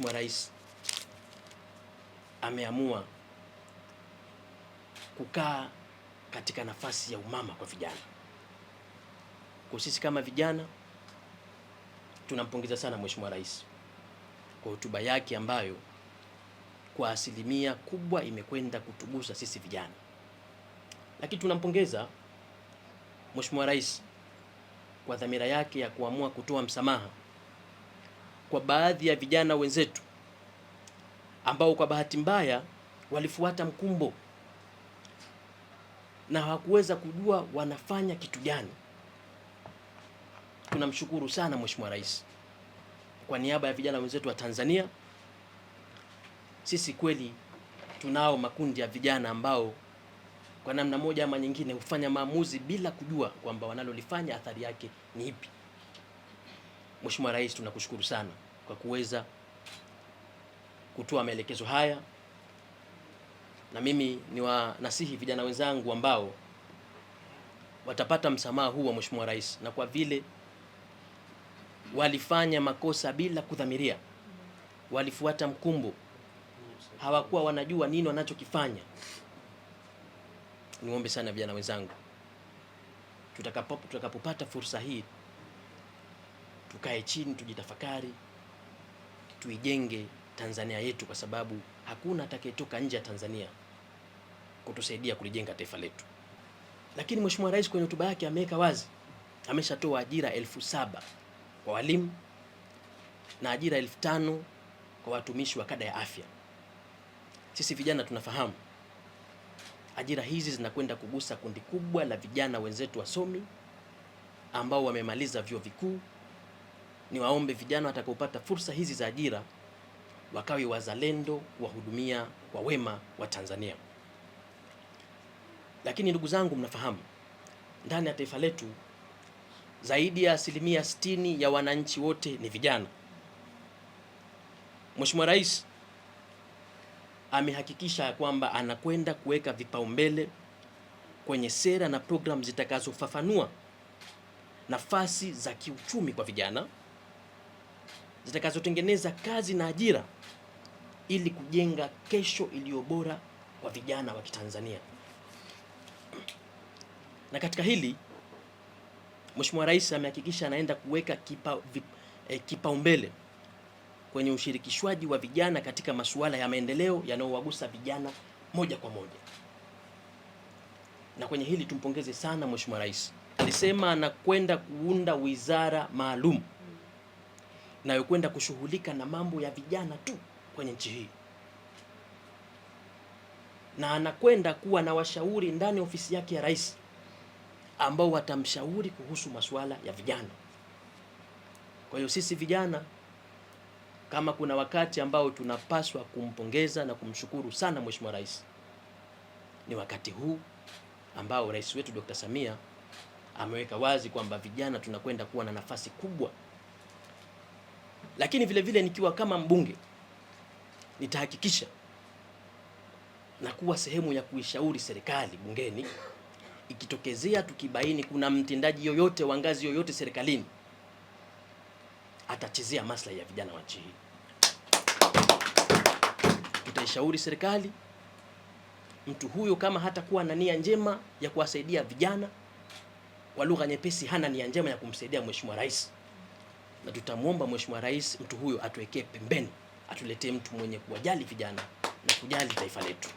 Mheshimiwa Rais ameamua kukaa katika nafasi ya umama kwa vijana. Kwa sisi kama vijana tunampongeza sana Mheshimiwa Rais kwa hotuba yake ambayo kwa asilimia kubwa imekwenda kutugusa sisi vijana, lakini tunampongeza Mheshimiwa Rais kwa dhamira yake ya kuamua kutoa msamaha kwa baadhi ya vijana wenzetu ambao kwa bahati mbaya walifuata mkumbo na hawakuweza kujua wanafanya kitu gani. Tunamshukuru sana Mheshimiwa Rais kwa niaba ya vijana wenzetu wa Tanzania. Sisi kweli tunao makundi ya vijana ambao kwa namna moja ama nyingine hufanya maamuzi bila kujua kwamba wanalolifanya athari yake ni ipi. Mheshimiwa Rais, tunakushukuru sana kwa kuweza kutoa maelekezo haya, na mimi ni wanasihi vijana wenzangu ambao watapata msamaha huu wa Mheshimiwa Rais, na kwa vile walifanya makosa bila kudhamiria, walifuata mkumbo, hawakuwa wanajua nini wanachokifanya. Niombe sana vijana wenzangu, tutakapopata fursa hii tukae chini, tujitafakari tuijenge Tanzania yetu, kwa sababu hakuna atakayetoka nje ya Tanzania kutusaidia kulijenga taifa letu. Lakini Mheshimiwa Rais kwenye hotuba yake ameweka wazi, ameshatoa ajira elfu saba kwa walimu na ajira elfu tano kwa watumishi wa kada ya afya. Sisi vijana tunafahamu ajira hizi zinakwenda kugusa kundi kubwa la vijana wenzetu wasomi ambao wamemaliza vyuo vikuu niwaombe vijana watakaopata fursa hizi za ajira wakawe wazalendo, wahudumia kwa wema wa Tanzania. Lakini ndugu zangu, mnafahamu ndani ya taifa letu zaidi ya asilimia 60 ya wananchi wote ni vijana. Mheshimiwa Rais amehakikisha kwamba anakwenda kuweka vipaumbele kwenye sera na programu zitakazofafanua nafasi za kiuchumi kwa vijana zitakazotengeneza kazi na ajira ili kujenga kesho iliyo bora kwa vijana wa Kitanzania. Na katika hili Mheshimiwa Rais amehakikisha anaenda kuweka eh, kipaumbele eh, kipa kwenye ushirikishwaji wa vijana katika masuala ya maendeleo yanayowagusa vijana moja kwa moja. Na kwenye hili tumpongeze sana Mheshimiwa Rais. Alisema anakwenda kuunda wizara maalum nayokwenda kushughulika na mambo ya vijana tu kwenye nchi hii, na anakwenda kuwa na washauri ndani ya ofisi yake ya rais ambao watamshauri kuhusu masuala ya vijana. Kwa hiyo sisi vijana, kama kuna wakati ambao tunapaswa kumpongeza na kumshukuru sana Mheshimiwa Rais, ni wakati huu ambao rais wetu Dr. Samia ameweka wazi kwamba vijana tunakwenda kuwa na nafasi kubwa lakini vile vile nikiwa kama mbunge nitahakikisha na kuwa sehemu ya kuishauri serikali bungeni, ikitokezea tukibaini kuna mtendaji yoyote wa ngazi yoyote serikalini atachezea maslahi ya vijana wa nchi hii, tutaishauri serikali, mtu huyo kama hatakuwa na nia njema ya kuwasaidia vijana, kwa lugha nyepesi, hana nia njema ya kumsaidia mheshimiwa rais na tutamwomba Mheshimiwa Rais mtu huyo atuwekee pembeni, atuletee mtu mwenye kuwajali vijana na kujali taifa letu.